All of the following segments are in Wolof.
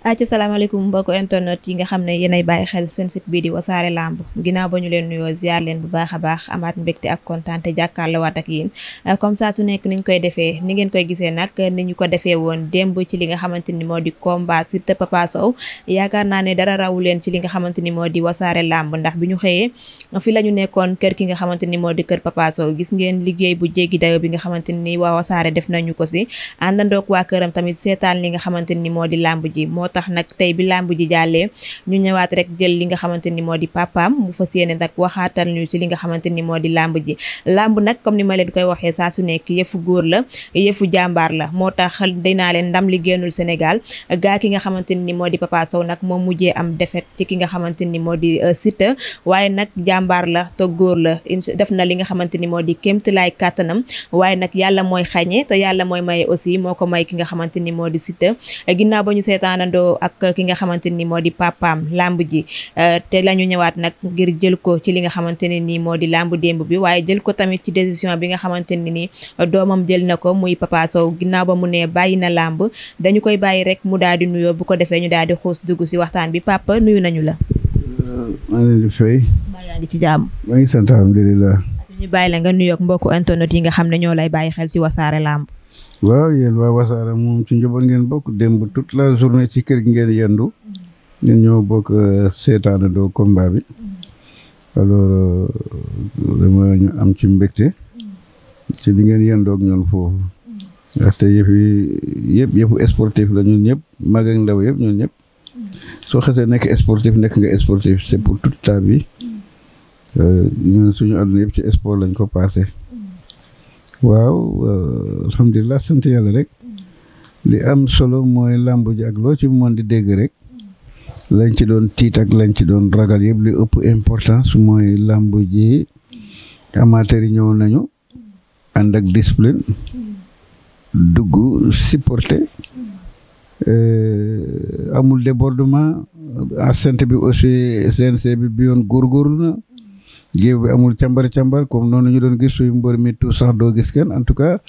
ci salaamaaleykum mbokk internet yi nga xam ne yéenay bàyyi xel seen site bii di wasaare lamb ginnaaw ba ñu leen nuyoo ziar leen bu baax a baax amaat mbégte ak kontaan te jàkkaarloowaat ak comme ça su nekk ni ñu koy defee ni ngeen koy gisee nag ni ñu ko defee woon demb ci li nga xamante ni moo di combat Siteu Papa Sow yaakaar naa ne dara rawu leen ci li nga xamante ni moo di wasaare làmb ndax bi ñu xëyee fi la ñu nekkoon kër ki nga xamante ni moo di kër Papa Sow gis ngeen liggéey bu jéggi dayo bi nga xamante ni waa wasaare def nañu ko si àndandoog waa këram tamit seetaan li nga xamante ni moo di lamb ji moo tax nag tey bi làmb ji jàllee ñu ñëwaat rek jël li nga xamante ni moo di papaam mu fas yéene nag waxaatal ñu ci li nga xamante ni moo di làmb ji làmb nag comme ni ma leen koy waxee saa su nekk yëfu góor la yëfu jàmbaar la moo tax dinaa leen ndam li génnul Sénégal gaa ki nga xamante ni moo di Papa Sow nag moo mujjee am defet ci ki nga xamante ni moo di euh, Siteu waaye nag jàmbaar la te góor la def na li nga xamante ni moo di kémtu laay kàttanam waaye nag yàlla mooy xañee te yàlla mooy maye aussi moo ko may ki nga xamante ni moo di Siteu Modou Lo ak ki nga xamante ni moo di papaam làmb ji euh, te la ñu ñëwaat nag ngir jël ko ci li nga xamante ne nii moo di làmb démb bi waaye jël ko tamit ci décision bi nga xamante ne nii euh, doomam jël na ko muy Papa ginnaaw ba mu nee bàyyi na làmb dañu koy bàyyi rek mu daal di nuyoo bu ko defee ñu daal di xuus dugg si waxtaan bi papa nuyu nañu la. Euh, ñu bàyyi la nga nuyoog mbokku internet yi nga xam ne ñoo lay bàyyi xel ci wasaare làmb. waaw yéen wa wasaare moom ci njaboot ngeen bokk démb tout la journée ci kër gi ngeen yendu ñun ñoo bokk euh, seetaanandoo combat bi alors euh, dama ñu am ci mbégte ci li ngeen yendoog ñoon foofu ndaxte yëf yi yëpp yëpp sportif la ñun ñëpp mag ndaw yëpp ñun ñëpp soo xasee nekk sportif nekk nga sportif c'est pour toute ta vie Euh, ñun suñu àdduna yëpp ci sport lañ ko paase waaw euh, alhamdulilah sant yàlla rek li am solo mooy làmb ji ak loo ci mën di dégg rek lañ ci doon tiit ak lañ ci doon ragal yëpp li ëpp importance mooy làmb ji amateur yi ñëw nañu ànd ak discipline dugg supporter euh, amul débordement assent bi aussi CNC bi bi yoon góorgóorlu na géew bi amul càmbar càmbar comme noonu ñu doon gis suy mbër mi tout sax doo gis kenn en tout cas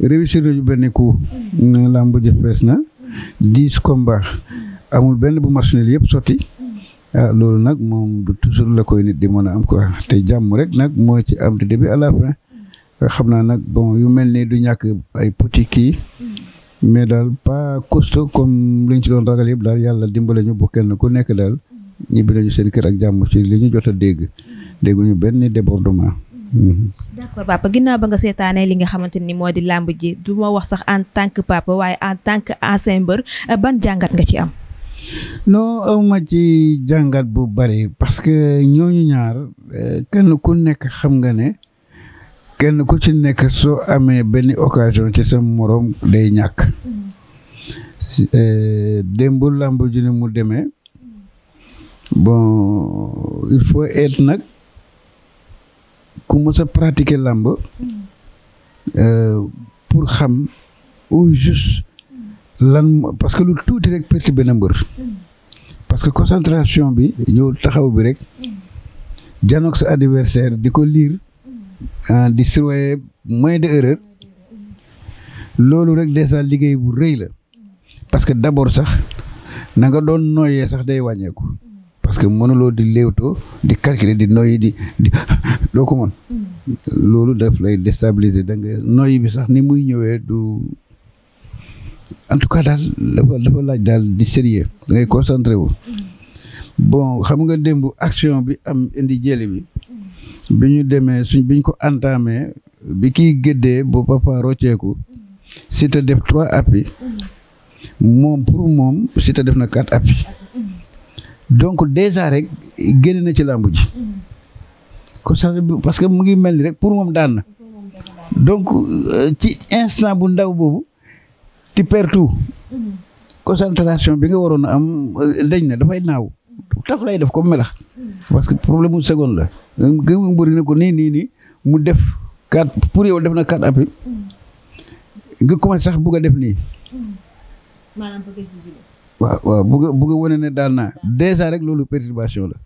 réussir nañu benn coup. Mm, làmb ji fees na dix combats amul benn bu marchandise yëpp sotti ah loolu nag moom toujours la koy nit di mën a am quoi te jàmm rek nag moo ci am début à xam naa nag bon yu mel ni du ñàkk ay petit kii mais daal pas costaud comme liñ ci doon ragal yëpp daal yàlla dimbale ñu bu kenn ku nekk daal ñibbi nañu seen kër ak jàmm ci li ñu jot a dégg. dégguñu benn débordement. Mhm. d' accord ginnaaw ba nga seetaanee li nga xamante ni moo di làmb ji du ma wax sax en tant que papa waaye en tant que ancien mbër ban jàngat nga ci am. non awma ci jàngat bu bari parce que ñooñu ñaar eh, kenn ku nekk xam nga ne kenn ku ci nekk soo amee benn occasion ci sa moroom day ñàkk. Eh, démb làmb ji ni mu demee il faut être nag. ku mës pratiquer làmb euh, pour xam au juste lan parce que lu tuuti rek perte benn mbër parce que concentration bi ñëw taxaw bi rek janoog sa di ko lire ah, di surveiller moins de erreur loolu rek déjà liggéey bu rëy la parce que d'abord sax na doon nooyee sax day wàññeeku parce que mënuloo di léewtoo di calculer di noyyi di di doo ko mën loolu def lay déstabiliser da nga noyyi bi sax ni muy ñëwee du en tout cas daal dafa laaj daal di sérieux da ngay concentré wu bon xam nga démb action bi am indi jëli bi bi ñu demee suñ bi ñu ko entamé bi kiy géddee bu papa rocceeku Siteu def trois appuis moom pour moom Siteu def na quatre appuis donc déjà rek génn na ci làmb ji. kon sax parce que mu ngi mel ni rek pour moom daan na. donc euh, ci instant bu ndaw boobu ti perdu tout. concentration bi nga waroon a am euh, dañ na dafay naaw. taf lay def comme melax. parce que problème mu seconde la. gëm mu bëri na ko nii nii nii mu def quatre pour yow def na quatre appels. nga commencé sax bugg a def nii. waaw waaw bëgg a bëgg ne daal naa déjà rek loolu perturbation la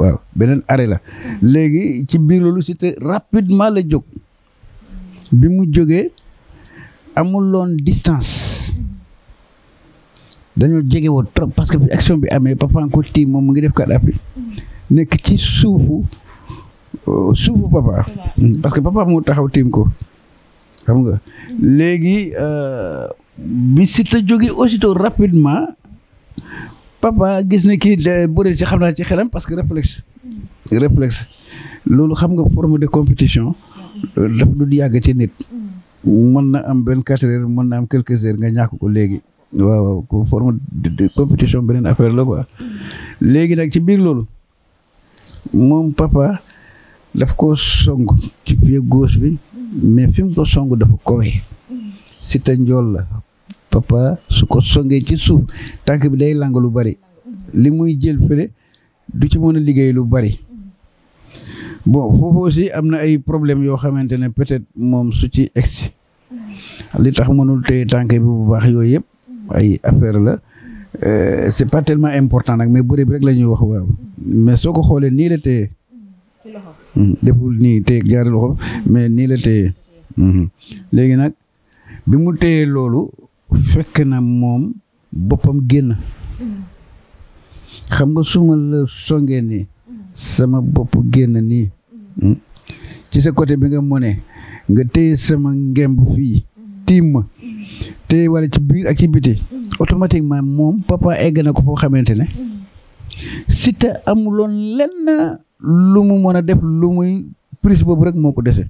waaw beneen arrêt la léegi ci biir loolu c'était rapidement la jóg bi mu jógee amul amuloon distance dañoo jege woon trop parce que action bi amee papa nga ko tiim moom mu ngi def kàddaa bi nekk ci suufu euh, suufu papa. parce papa moo taxaw tiim ko nga léegi. Euh, bi Siteu jógee aussitôt rapidement papa gis ne kii bëre ci xam naa ci xelam parce que réflexe réflexe loolu xam nga forme de compétition daf du yàgg ci nit mën na am benn quatre heures mën na am quelques heures nga ñàkk ko léegi waaw ko forme de compétition beneen affaire la quoi léegi nag ci biir loolu moom papa daf ko song ci pied gauche bi mais fi mu ko song dafa kowe Siteu njool la papa su ko songee ci suuf tànk bi day lang lu bari li muy jël fële du ci mën liggéey lu bari bon foofu aussi am na ay problème yoo xamante ne peut-être moom su ci egsi li tax mënul téye tànk bi bu baax yooyu yëpp ay affaire la euh, c'est pas tellement important nag mais bëri bi rek la ñuy wax waaw mais soo ko xoolee nii la téye hmm, deful nii te jaari loxo mais nii la téye hmm, hmm. léegi nag bi mu téye loolu fekk na moom boppam génn xam nga su ma la songee nii sama bopp génn nii ci sa côté bi nga mënee nga téye sama ngemb fii tiim ma téye wala ci biir ak ci biti automatiquement moom papa egg na ko foo xamante ne Siteu amuloon lenn lu mu mën a def lu muy prise boobu rek moo ko dese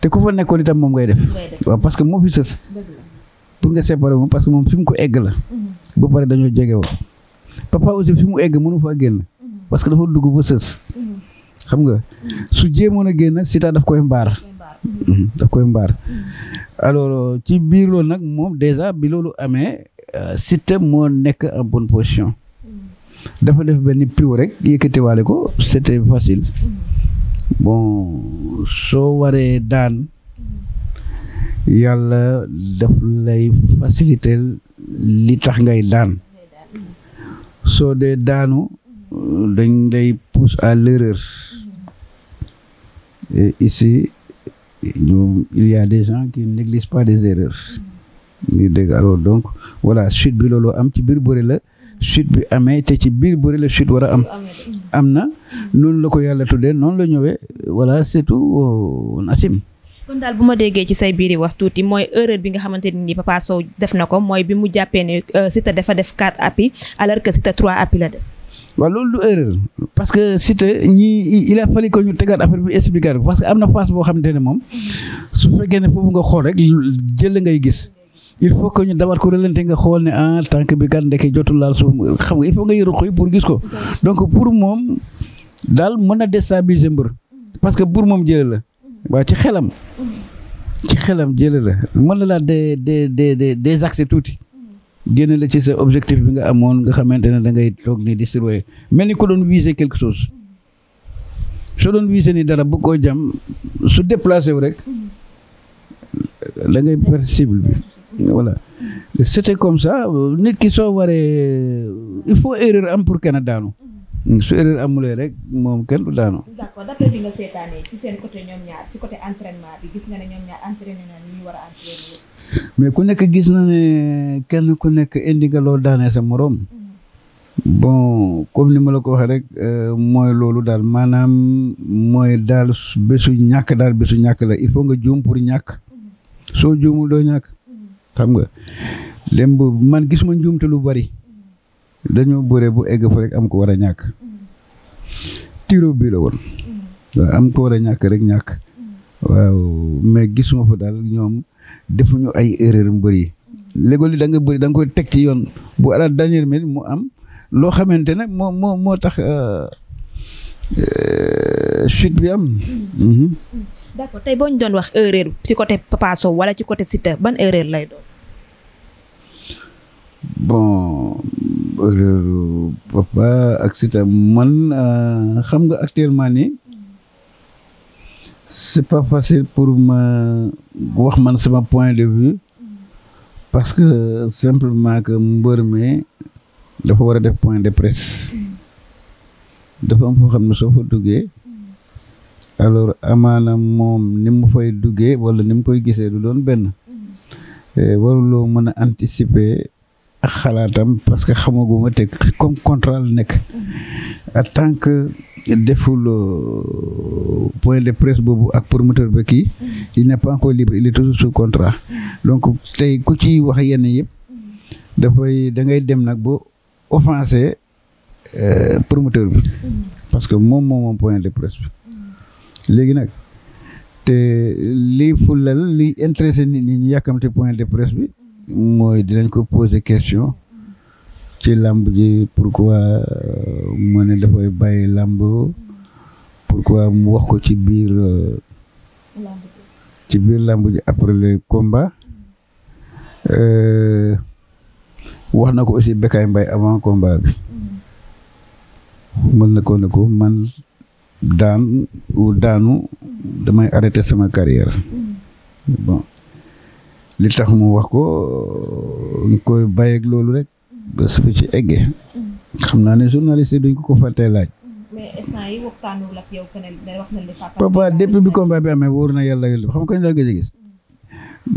te ku fa nekkoon itam moom ngay def waaw parce moo fi sës pour nga séparer moom parce que moom fi mu ko egg la. Mhm. ba pare dañoo jege woon. papa aussi fi egg mënu faa génn. Mhm. parce que dafa dugg ba sës. Mhm. xam nga su jéemoon a génn sita daf koy mbaar. daf koy mbaar. alors euh, ci biir loolu nag moom déjà bi loolu amee euh, sita moo nekk en bonne position. dafa def benn piw rek yëkkatiwaale ko c'était facile. bon soo waree daan yàlla daf lay faciliter li tax ngay daan soo dee daanu dañ lay pousse à l'erreur et ici il y a des gens qui pas des erreurs ngi dégg alors donc voilà suite bi loolu am ci biir bëri la chute bi amee te ci biir bëri la chute war a am am na noonu la ko yàlla tuddee noonu la ñëwee wala c'est tout kon daal bu ma déggee ci say biiri wax tuuti mooy erreur bi nga xamante ne ni Papa Sow def na ko mooy bi mu jàppee ne euh, Siteu dafa def 4 appuis alors que Siteu 3 appuis la def. waaw loolu du erreur parce que Siteu ñi il a fallu que ñu tegaat affaire bi expliquer ko parce que am na phase boo xamante ne moom su fekkee ne foofu nga xool rek jël ngay gis. il faut que ñu dabar ko relante nga xool ne ah tànk bi kan ndeke jotul laal suuf xam nga il faut nga yëru gis ko donc pour moom daal mën a déstabiliser mbër parce que pour moom jële la. waaw ci xelam ci xelam jële la mën na laa de de de des accès tuuti génne la ci sa objectif bi nga amoon nga xamante ne da ngay toog ni distribué mel ni ko doon viser quelque chose soo doon viser ni dara bu koo jam su déplacé wu rek da ngay perte cible bi voilà c'était comme ça nit ki soo waree il faut erreur am pour kenn daanu su erreur amulee rek moom kenn du daanu. d'accord d'après gis nga ne ñoom mais ku nekk gis na ne kenn ku nekk indi nga loo daanee sa morom. Mm-hmm. bon comme ni ma la ko waxee rek euh, mooy loolu daal maanaam mooy daal bésu ñàkk daal bésu ñàkk la il faut nga juum pour ñàkk. Mm-hmm. soo juumul doo ñàkk. Mm-hmm. xam nga dem man gis ma njuumte lu bari. dañoo bëre bu egg fa rek am ko war a ñàkk tiro bi la woon waaw am ko war a ñàkk rek ñàkk waaw mais gisuma fa daal ñoom defuñu ay erreur mbër yi léegoo li da nga bëri da nga koy teg ci yoon bu à la dernière mu am loo xamante ne moo moo moo tax euh, euh, chute bi am. Mhm. d'accord tey boo ñu doon wax erreur ci côté Papa wala ci côté Siteu ban erreur lay doon. Papa ak Siteu man euh, xam nga actuellement nii c'est pas facile pour ma wax man sama point de vue parce que simplement que mbër mi dafa war a def point de presse dafa am foo xam ne soo fa duggee alors amaana moom ni mu fay duggee wala ni mu koy gisee lu doon benn waruloo mën a anticiper xalaatam parce que xamaguma te comme contrat la nekk mm-hmm. en tant que deful euh, point de presse boobu ak promoteur bi kii mm-hmm. il n'est pas encore libre contrat mm-hmm. donc tey ku ci wax yenn yëpp dafay da ngay dem nag boo offensé euh, promoteur bi parce que moom moom point de presse bi léegi nag te liy fulal li intéressé nit ñi ñu yàkkamte point de presse bi mooy dinañ ko poser question ci làmb ji pourquoi euh, mu ne dafay bàyyi làmb pourquoi mu wax ko ci biir euh, ci biir làmb ji après le combat euh, wax na ko aussi Bécaye Mbaye avant komba bi mën na ko ne ko man daan ou daanu damay arrêter sama carrière li tax mu wax ko koy bàyyeeg loolu rek ba su ci eggee xam naa ne journaliste duñ ko ko fàttee laaj. mais instant yi waxtaanul ak yow bi amee wóor na yàlla xam nga kañ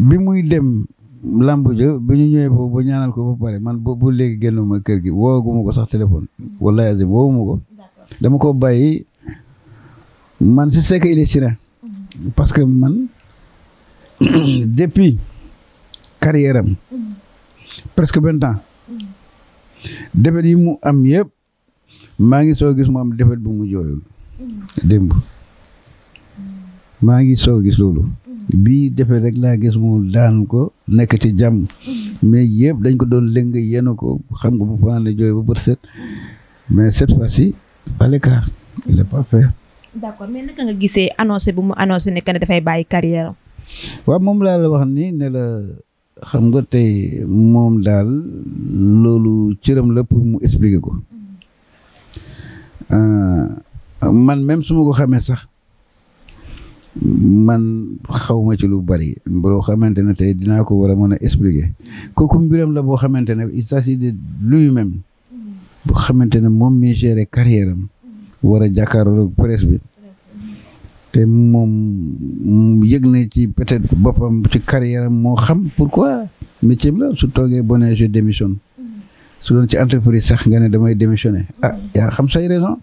bi muy dem làmb ja bi ñu ñëwee foofu ba ñaanal ko ba pare man bu léegi génnuma kër gi woowaguma ko sax téléphone wallaahi azim woowuma ko dama ko bàyyi man si sekk il est mm-hmm. parce man depuis. carrière presque vingt ans defet yi mu am yëpp maa ngi soo gis mu am defet bu mu jooyul démb maa ngi soo gis loolu bii defet rek laa gis mu daan ko nekk ci jàmm mais yëpp dañ ko doon lëng yenu ko xam nga bu fanaane jooy ba bët set mais cette fois-ci pas le mais naka nga gisee annoncé bu mu annoncé ne que dafay bàyyi carrière waaw moom laa la wax ni ne xam nga tey moom daal loolu cëram la pour mu expliquer ko euh, man même su ma ko xamee sax man xawma ci lu bari boo xamante ne tey dinaa ko war a mën a expliquer kooku mbiram la boo xamante ne il s'agit de lui-même boo xamante ne moom mi géré carrière am war a jàkkaarloo bi te moom yëg nañ ci peut-être boppam ci carrière am moo xam pour pourquoi métier la su toogee boo nee je su doon ci entreprise sax nga ne damay démissionner ah yaa xam say raison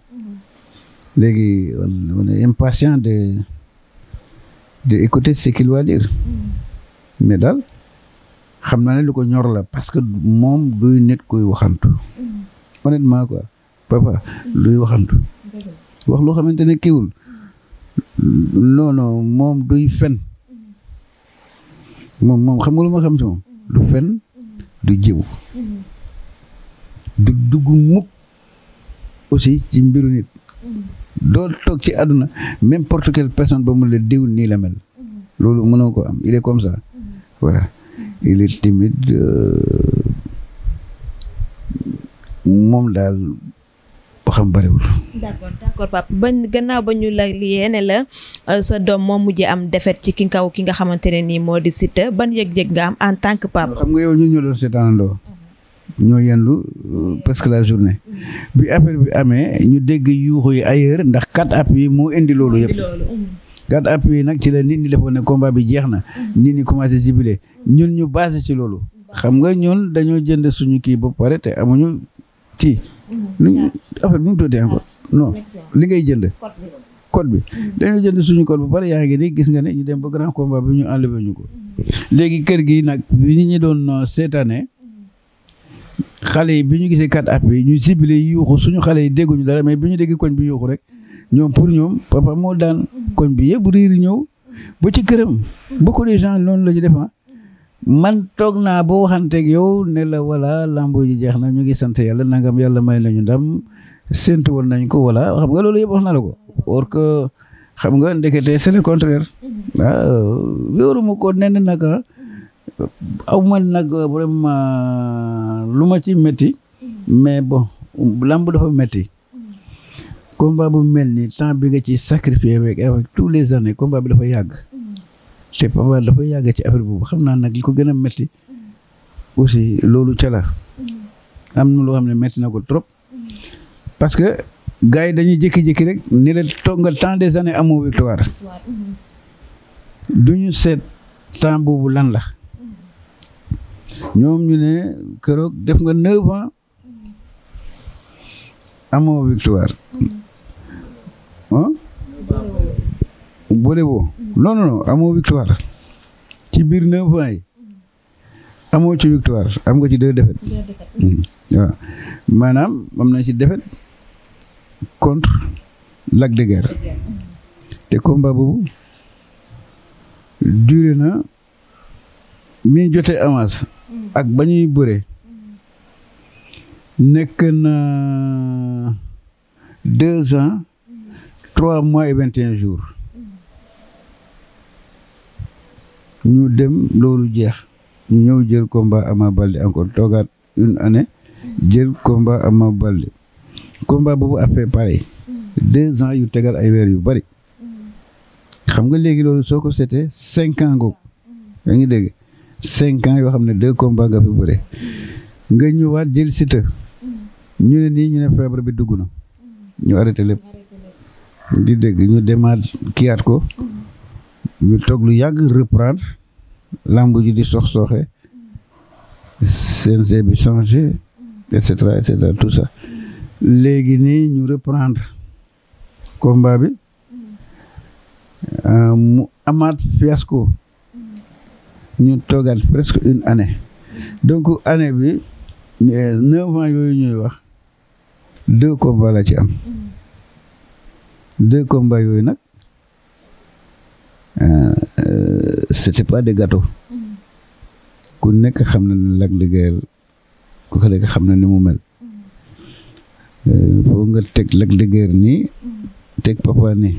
léegi on est impatient de de écouter ce qu'il va dire mais daal xam naa ne lu ko ñor la parce que moom duy nit kuy waxantu honnêtement quoi papa mm. luy waxantu wax loo xamante ne kiwul non non moom duy fen moom moom xam nga lu ma xam si moom du fen du jiw du dugg mukk aussi ci mbiru nit doo toog ci àdduna même porte quelle personne ba mu la diw nii la mel loolu mënoo ko am il est comme ça voilà il est timide euh, moom daal xam bariwul. d'accord d'accord papa ba gannaaw ba ñu la yéene la euh, sa doom moo mujjee am defet ci ki kaw ki nga xamante ne nii moo di Siteu ban yëg-yëg nga am en tant que papa. xam nga yow ñun ñoo doon seetaanandoo. ñoo yendu euh, presque la journée. Mm-hmm. bi affaire bi amee ñu dégg yuuxu yi ailleurs ndax quatre appuis moo indi loolu yëpp. Mm-hmm. quatre appuis yi nag ci la nit ñi defoon ne combat bi jeex na. Mm-hmm. nit ñi commencé jubiler ñun ñu basé ci loolu. xam nga ñun dañoo jënd suñu kii ba pare te amuñu. ci. nu mm-hmm. affaire bi nu mu tuddee encore ah, non li ngay jënd. code bi mm-hmm. dañoo jënd suñu code bu bari yaa ngi nii gis nga ne ñu dem ba grand combat bi ñu enlevé ñu ko. Mm-hmm. léegi kër gi nag bi ñu doon euh, seetaane xale yi bi ñu gisee kat app yi ñu ciblé yi yuuxu suñu xale yi dégguñu dara mais bi ñu dégg koñ bi yuuxu rek ñoom pour ñoom papa moo daan koñ bi yëpp riir ñëw ba ci këram beaucoup de gens loolu ñu def ah. man toog naa boo waxanteeg yow ne la voilà lambu ji jeex na ñu ngi sant yàlla nangam yàlla may nañu ndam séntu woon nañ ko voilà xam nga loolu yëpp wax na la ko or que xam nga ndekete c'est le contraire waaw ko nen naka ah. aw ma nag vraiment lu ma ci metti mais bon lamb dafa metti combat bu mel ni temps bi nga ci sacrifié avec avec tous les années combat bi dafa yàgg te Papa dafa yàgg ci affaire boobu xam naa nag li ko gën a métti aussi loolu ca la mm-hmm. am na loo xam ne metti na ko trop mm-hmm. parce que gars yi dañuy jékki rek ni la toog nga temps des années amoo victoire mm-hmm. du ñu seet temps boobu lan la ñoom ñu ne keroog def nga neuf ans amoo victoire ah non non amoo victoire ci biir neuf points yi amoo ci victoire am nga ci deux défaites. Mm. waaw maanaam am nañ ci défaite contre Lac de Guiers mm. te combat boobu duré na mi jotee avance. Mm. ak bañuy ñuy bëree. nekk na deux ans trois mois et vingt et jours. ñu dem loolu jeex ñëw jël combat Ama Baldé encore toogaat une année jël combat Ama Baldé combat boobu après pareil deux ans yu tegal ay weer yu bari xam nga léegi loolu soo ko seetee cinq ans googu yaa ngi dégg cinq ans yoo xam ne deux combats nga fi bëre nga ñëwaat jël site ñu ne nii ñu ne feebar bi dugg na ñu arrêté lépp di dégg ñu demaat kiyaat ko ñu toog lu yàgg reprendre lamb ji di sox soxe CNG bi changé et cetera et cetera tout ça léegi nii ñu reprendre combat bi euh, mu amaat fiasco ñu toogaat presque une année donc année bi neuf mois yooyu ñuy wax deux combats la ci am deux combats yooyu nag Euh, euh, c'était pas des gâteaux ku nekk xam na ne Lac de ku ko nekk xam na ni mu mel euh, foo nga teg Lac de ni teg papa nii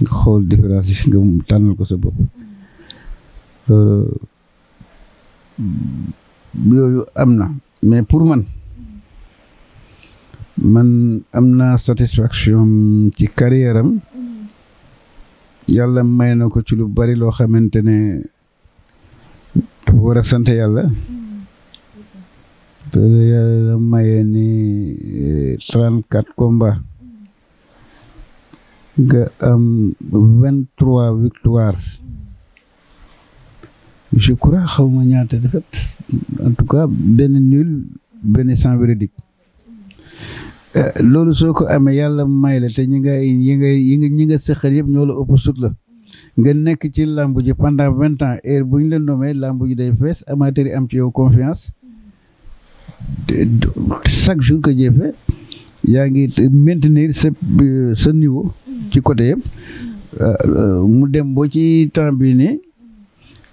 nga xool différence yi nga tànnal ko sa bopp yooyu am na mais pour man man am na satisfaction ci carrière yàlla may na ko ci lu bari loo xamante ne war a sant yàlla te yàlla mayee ni eh, trente quatre combats nga am vingt trois victoire je crois xaw ma ñaata defet en tout nul benn sans verdict Euh, loolu soo ko amee yàlla may la te ñi nga yi nga ñi nga sëqal yëpp ñoo la ëpp sut la nga nekk ci làmb ji pendant vingt ans heure bu ñu la nommé làmb ji day fees amateur yi am ci yow confiance chaque jour que jëfe yaa ngi maintenir sa sa niveau ci côté yëpp euh, mu dem boo ci temps bi nii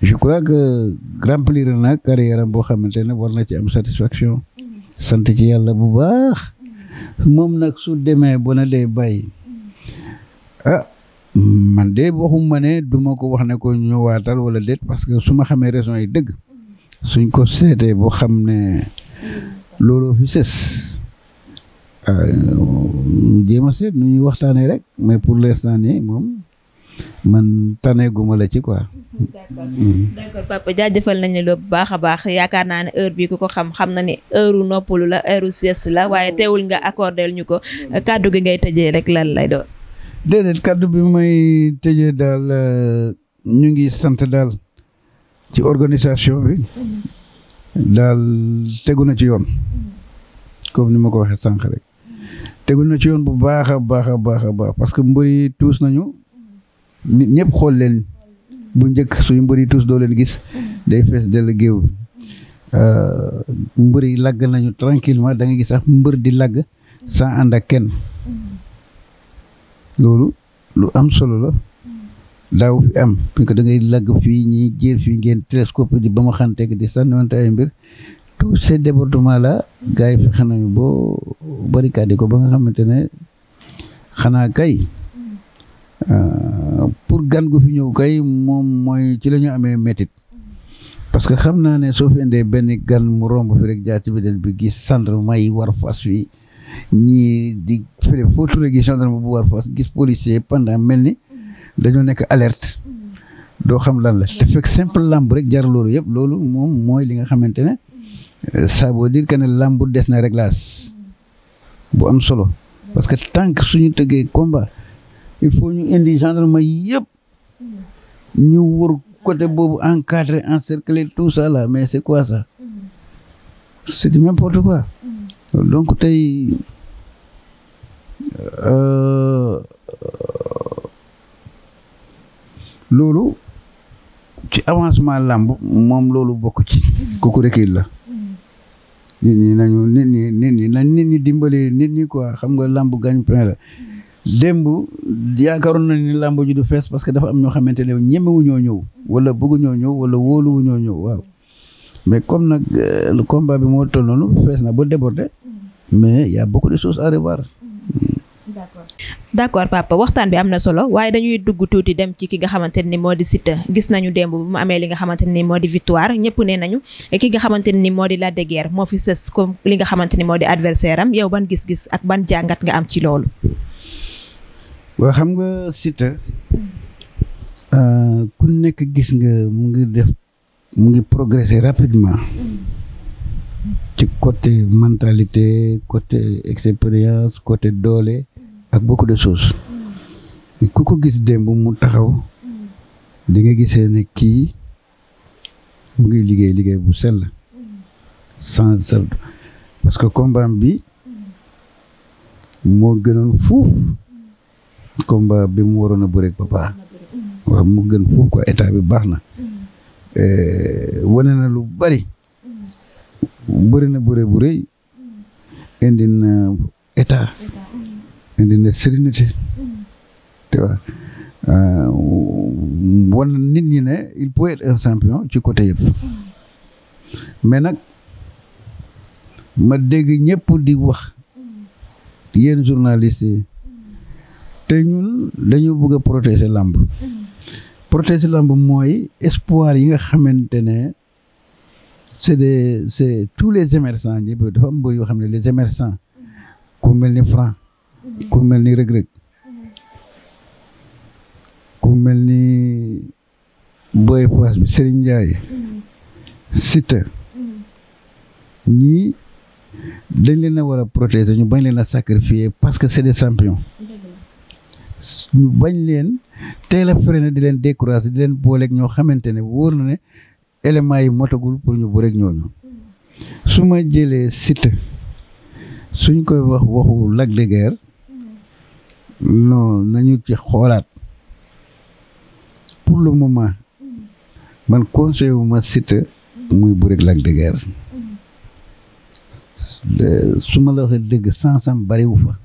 je crois que remplir na carrière am boo xamante ne war na ci am satisfaction mm-hmm. sant ci yàlla bu baax moom nag su demee bu na dee bàyyi ah man de waxuma ne du ma ko wax ne ko ñëwaatal wala déet parce que su ma xamee raison yi dëgg suñ ko seetee bu xam ne looloo fi ses ah, ñu jéem a seet nu ñuy waxtaanee rek mais pour l'instant nii moom man taneeguma la ci quoi. d'accord mm-hmm. d'accord jaajëfal nañu la bu baax a baax yaakaar naa ne heure bii ku ko xam xam na ni heure noppalu la heure sieste la waaye teewul nga accordé ñu ko kàddu gi ngay tëjee rek lan lay doon. déedéet kàddu bi may tëjee daal euh, ñu ngi sant daal ci organisation bi daal tegu na ci yoon comme ni ma ko waxee sànq rek tegu na ci yoon bu baax a baax a baax baax parce que tuus nañu. nit ñëpp xool leen bu njëkk suñu mbër yi tous doo leen gis day fees dell géew bi euh, mbër yi lagg nañu tranquillement da nga gis sax mbër di lagg sans ànd ak kenn loolu lu am solo la daaw fi am puisque da ngay lagg fii ñii jéer fii ngeen télescope di ba ma xanteeg di sànniwante ay mbir tous ces débordements là gars yi nañu boo barricade ko ba nga xamante ne xanaa kay Euh, pour gan gu fi ñëw kay moom mooy ci la ñu amee métit parce que xam naa ne soo fi benn gan mu romb fi rek jaar ci biddel bi gis gendarme yi war fas wi ñii di fële foo turee gis gendarme bu war fas gis policier pendant mel ni dañoo nekk alerte doo xam lan la te fekk simple lamb rek jar loolu yëpp loolu moom mooy li nga xamante ne euh, ça veut dire que ne des na réglage bu am solo parce que tant suñu tëggee combat il faut ñu indi gendarme yëpp ñu wër côté boobu encadré encerclé tous ça la mais c'est quoi sa c'est du n'importe quoi donc tey euh, loolu ci avancement làmb moom loolu bokk ci kooku rekil la nit ñi nañu nit ñi nit ñi nañ nit ñi dimbali nit ñi quoi xam nga làmb gagne-pain la démb yaakaaroon na ni làmb ji du fees parce que dafa am ñoo xamante ne ñemewu ñoo ñëw wala bëggu ñoo ñëw wala wóoluwu ñoo ñëw waaw mais comme nag euh, le combat bi moo toll noonu fees na ba débordé mais y a beaucoup de choses à revoir. d'accord papa waxtaan bi am na solo waaye dañuy dugg tuuti dem ci ki nga xamante ni moo di Siteu gis nañu démb bu mu amee li nga xamante ni moo di victoire ñëpp nee nañu eh, ki nga xamante ni moo di Lac de Guiers moo fi sës comme li nga xamante ni moo di adversaire am yow ban gis-gis ak ban jàngat nga am ci loolu. waa xam nga Siteu euh, ku nekk gis nga mu ngi def mu ngi progresser rapidement mm-hmm. ci côté mentalité côté expérience côté doole ak bokku de choses mm-hmm. ku ko gis démb mu taxaw mm-hmm. di nga gisee ne kii mu ngi liggéey liggéey bu sell sans parce que combat bi moo gënoon fuuf combat bi mu waroon na bëre ak papa waaw mu gën foofu ko état bi baax na eh, wane na lu bari bëri na bëre bu rëy indi na état indi na sérénité tu vois eh, wan nit ñi ne il peut être un champion ci côté yëpp mais nag ma dégg ñëpp di wax yéen journaliste te ñun dañu bëgg a protéger làmb protéger làmb mooy espoir yi nga xamante ne c'est des c'est tous les émergents ñi dafa am mbër yoo xam ne les émergents ku mel ni Franc ku mel ni Reug Reug ku mel ni Boy Fass bi seriñ Ndiaye Siteu ñii dañ leen wara war a ñu bañ leen a sacrifier parce que c'est des champions ñu bañ leen teel a freiné di leen découragé di leen booleeg ñoo xamante ne wóor na ne éléments yi motagul pour ñu bëreeg ñooñu. su ma jëlee Siteu suñ koy wax waxu Lac de Guiers nañu ci xoolaat pour le moment man conseil wu ma Siteu muy bëreeg Lac mm-hmm. de su ma la waxee dëgg sansam bariwu fa.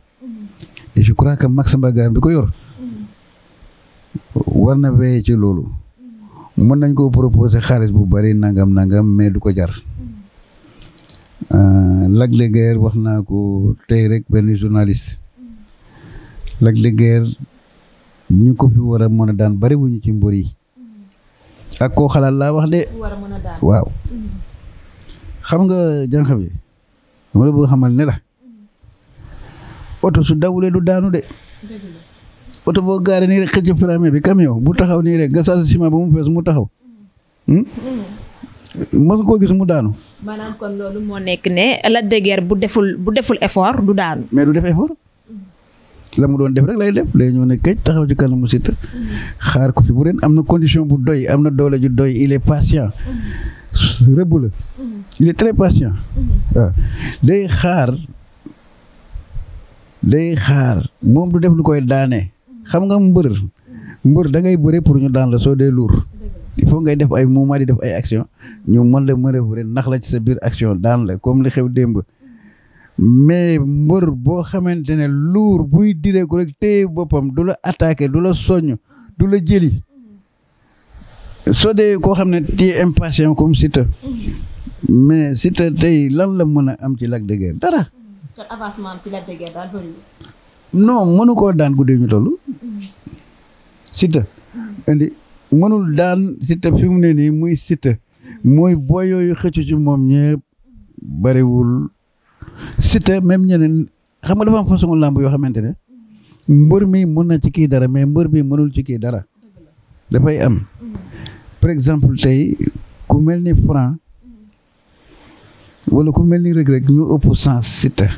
je crois que Max Mbargane bi ko yor war na weye ci loolu mën nañ koo proposer xaalis bu bari nangam nangam mais du ko jar euh, Lac de Guiers wax naa ko tey rek benn journaliste Lac de ñu ko fi war a mën a daan bari ci mbër yi ak ko xalaat laa wax de waaw mm. xam nga jànq bi dama la bëgg xamal ne la oto su dawulee du daanu de. oto boo gaaree nii rek xëcc premier bi camion bu taxaw nii rek nga saa si ciment ba mu fees mu taxaw. Hmm? mos koo gis mu daanu. ma nekk ne la dëgër bu deful bu deful effort du daanu. mais du def effort. la mu doon def rek lay def day ñëw ne këj taxaw ci mu Siteu. xaar ko fi bu ren am na condition bu doy am na doole ju doy il est patient. rëbb la. il est très patient. Mm-hmm. waaw day xaar. day xaar moom du def lu koy daane xam nga mbër mbër da ngay bëre pour ñu daan la soo dee luur il ngay def ay mouvement di def ay action ñu mën la manœuvrer nax la ci sa biir action daan la comme li xew démb mais mbër boo xamante ne luur buy dire ko rek téye boppam du la attaqué du la soññ du la jëli soo dee koo xam ne téye impatient comme Siteu mais Siteu tey lan la mën a am ci Lac de dara avancement ci Lac non mënu koo daan guddee ñu toll. Siteu. Mm-hmm. indi mënul daan Siteu fi mu ne nii muy Siteu. mooy booy yooyu xëccu ci moom ñëpp bëriwul. Siteu même ñeneen xam nga dafa am façon làmb yoo xamante ne. mbër mi mën na ci kii dara mais mbër mi mënul ci kii dara. dafay am. Mm-hmm. par exemple tey ku mel ni Franc wala ku mel ni rek rek ñu ëpp sens Siteu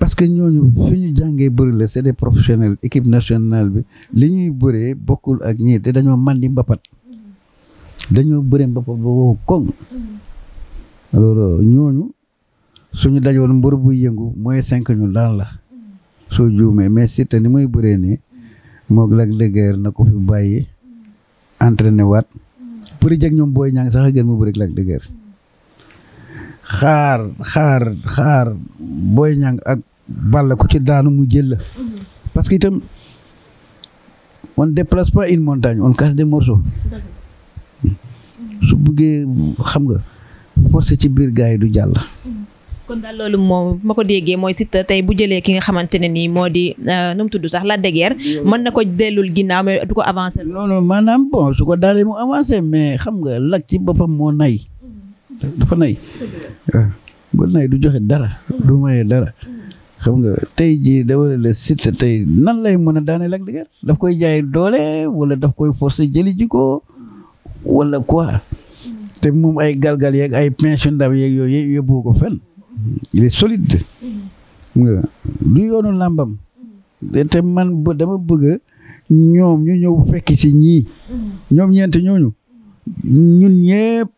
parce que ñooñu fi ñu jàngee bëri la c'est des professionnels équipe nationale bi li ñuy bëree bokkul ak ñii te dañoo mandi mbapat dañoo bëree mbapat ba wow koŋ alors euh, ñooñu suñu dajoon mbër bu yëngu mooy cinq ñu daal la soo juumee mais Siteu ni muy bëree nii mook Lac de Guiers na ko fi bàyyi entraîné waat pour ñoom booy ñaa sax a gën mu bëri Lac de Guiers xaar xaar xaar booy Niang ak Balla ko ci daanu mu jël la parce que itam on déplace pas une montagne on casse des morceaux su buggee xam nga forcé ci biir gars yi du jàll. kon daal loolu moom ma ko déggee mooy Siteu tey bu jëlee ki nga xamante ne nii moo di euh, nu tudd sax la déguère mën na ko dellul ginnaaw mais du ko avancé. non non maanaam bon su ko daalee mu avancé mais xam nga lak ci boppam moo nay. dafa nay bu nay du joxe dara du maye dara xam nga tey jii dawale sit Siteu tey nan lay mën a daane Lac de Guiers daf koy jaay doole wala daf koy forcer jëli ji wala quoi te moom ay galgal yeeg ay pension ndaw yeeg yooyu yóbbu ko fenn il est solide du yoonu làmbam te man ba dama bëgg ñoom ñu ñëw fekk ci ñeent ñooñu ñun ñëpp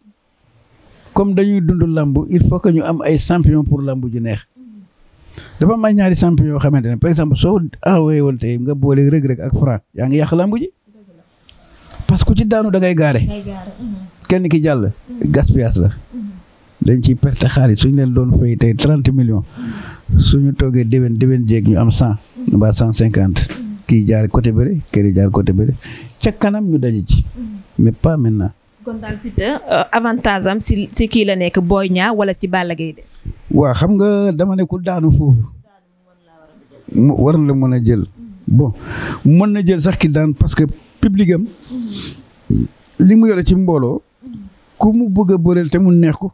comme dañuy dund làmb il faut que ñu am ay champion pour làmb ju neex dafa am ay ñaari champion yoo xamante ne par exemple soo aawee woon tey nga boole rëg-rëg ak franc yaa ngi yàq làmb ji parce que ci daanu dangay ngay gaare mhm. kenn ki jàll gaspillage la dañ ciy perte xaalis suñu leen doon fay te trente million suñu toogee déwén déwén jéeg ñu am cent mbaa cent cinquante mhm. kii jaar côté bële kër jaar côté bële ca kanam ñu daje ci mhm. mais pas maintenant kon daal Siteu si si kii la nekk booy Niang wala si Balla Gaye de. waaw xam nga dama ne ku daanu foofu war la mën a jël bon mën na jël sax ki daan parce que public li mu yore ci mbooloo ku mu bëgg a bëreel te mu neex ko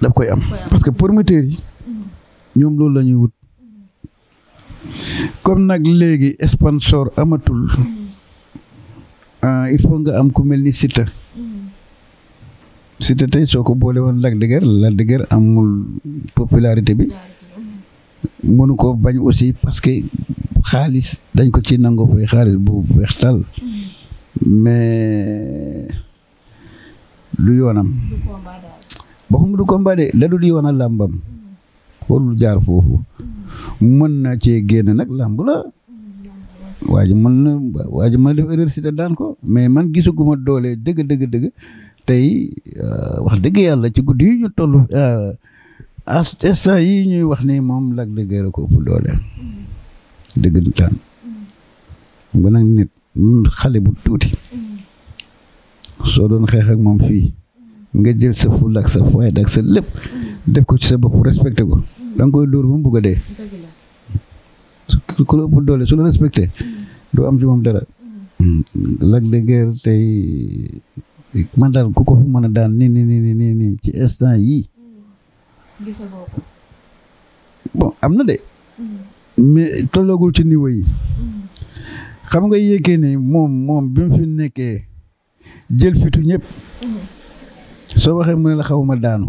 daf koy am parce que promoteurs yi ñoom loolu la ñuy wut comme nag léegi sponsor amatul. Euh, il faut nga am ku mel ni Siteu mm-hmm. Siteu tey soo ko boole woon Lac de Guiers Lac amul popularité bi mm-hmm. mënu ko bañ aussi parce que xaalis dañ ko ci nangoo fay xaalis bu weextal mm-hmm. mais du yoonam baxum du combat de da dul yoona làmbam warul jaar foofu mën na cee génn nag làmb la waaju man na waa ji mën na def erreur si daan ko mais man gisaguma doole dëgg dëgg tey euh, wax dëgg yàlla ci guddi yi ñu toll euh, instant yii ñuy wax ni moom lag de Guiers ko ëpp doole dëgg daan ba nag nit xale bu tuuti soo doon xeex ak moom fii nga jël sa ful ak sa fayda ak sa lépp def ko ci sa bopp respecté ko da nga koy dóor ba mu bugg dee ku la ëpp doole su la respecté doo am ci moom dara. Mm. Lac de Guiers tey man ku ko fi mën a daan nii nii nii nii nii ci instant yii. Mm. gisagoo bon am na de. Mm. mais tolloogul ci niveau yi. xam nga yéegee ni moom moom bi mu fi nekkee jël fitu ñëpp. soo waxee mu ne la xawma daanu.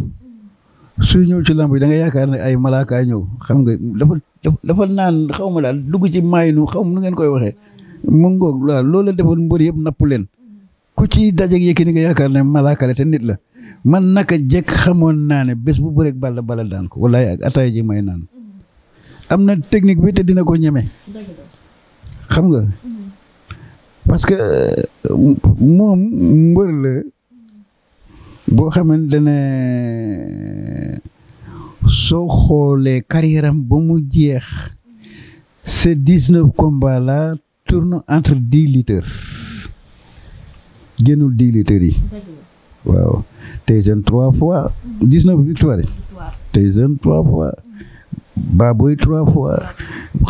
suy ñëw ci lamb yi da yaakaar na ay malaakaay ñëw xam nga dafa dafa naan xaw ma daal dugg ci maay nu xaw ma nu ngeen koy waxee. mu ngoog loolu la defoon mbër yëpp napp leen ku ci dajeeg Yékini nga yaakaar ne malaaka te nit la man naka jekk xamoon naa ne bés bu bëreeg balla bala daan ko wallaay ak ataaya ji may naan am na technique bi te dina ko ñeme. xam nga parce que moom mbër la boo xamante ne soo xoolee carrière am ba mu jeex ces dix-neuf combats là tourne entre dix lutteurs génnul dix lutteurs yi waaw Tyson trois fois dix-neuf victoire yi Tyson trois fois Baboy trois fois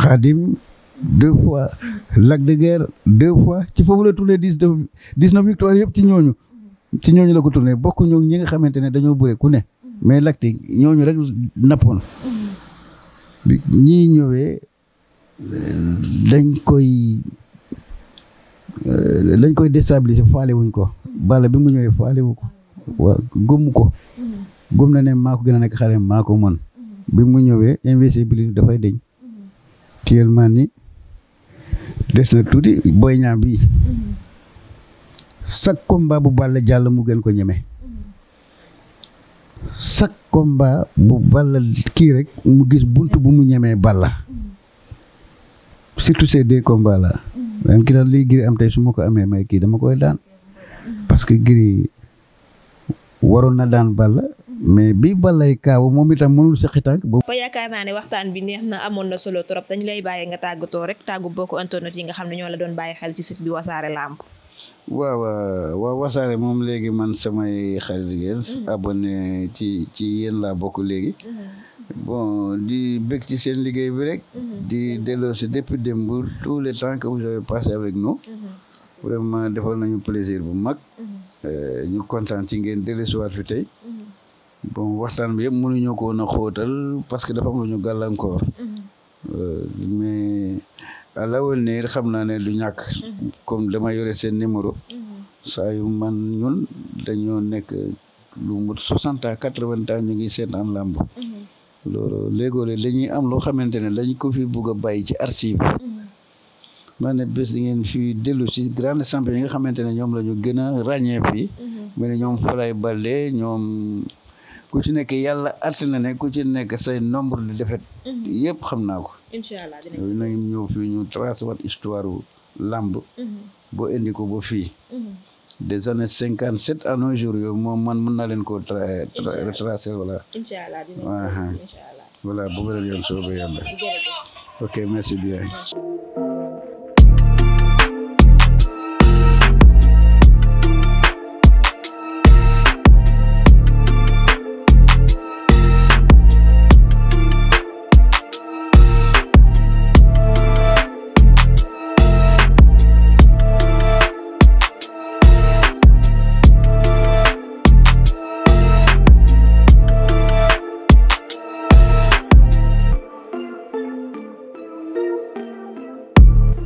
Khadim deux fois Lac de Guiers deux fois ci foofu la tourné dix-neuf dix-neuf victoire yëpp ci ñooñu ci ñooñu la ko tourné bokk ñoo ñi nga xamante ne dañoo bëre ku ne mais lactique ñooñu rek nappoon mm-hmm. ñii ñëwee dañ koy euh, dañ koy déstabiliser faale wuñ ko bala bi mu ñëwee faale ko waa ko mm-hmm. gëm na ne maa ko gën a nekk xale maa ko mën mm-hmm. bi mu ñëwee invisibilité dafay deñ actuellement ni des na tuuti boy ñaam bii chaque combat bu Balla jàll mu gën ko ñeme chaque komba bu Balla kii rek mu gis bunt bu mu ñemee Balla surtout ces deux combats là ren ki daal lii Gris am tey su ma ko amee may kii dama koy daan parce que Gris waroon na daan Balla mais bi balay kaaw moom itam mënul sa xitànk boobu. ba yaakaar naa ne waxtaan bi neex na amoon na solo trop dañu lay bàyyi nga tàggatoo rek tàggu ko internet yi nga xam ne ñoo la doon bàyyi xel ci site bi wasaare làmb. waaw waaw wasaare moom léegi man samay xarit ngeen mhm. abonné ci ci yéen laa bokk léegi mhm. bon di bëgg ci seen liggéey bi rek mhm. di delloo si depuis démb tous les temps que vous avez passé avec nous vraiment defal nañu plaisir bu mag euh, ñu kontaan ci ngeen dellusiwaat fi tey bon waxtaan bi yëpp mënuñu ko woon a xóotal parce que dafa am lu ñu euh, mais lawul niir xam naa ne lu ñàkk mhm. comme dama yore seen numéro mhm. saa yu man ñun dañoo nekk lu mut soixante à quatre-vingts ans ñu ngi seetaan làmb mhm. loolu léegoo-léeg dañuy am loo xamante ne dañ ko fi bugg a bàyyi ci archive ma ne bés di ngeen fi dellu si grande champion yi nga xamante ne ñoom lañu ñu gën a ràññee fii ñoom Falaye Baldé ñoom ku ci nekk yàlla àtte na ne ku ci nekk say nombre de défaite mm-hmm. yëpp xam naa ko incha allah dinañ ñëw fii ñu tracé wat histoire lamb mm-hmm. boo indi ko ba fii mm-hmm. des années cinquante sept à jour jours moom man mun naa leen koo tra retracer voilà voilà soobee yàlla ok merci bien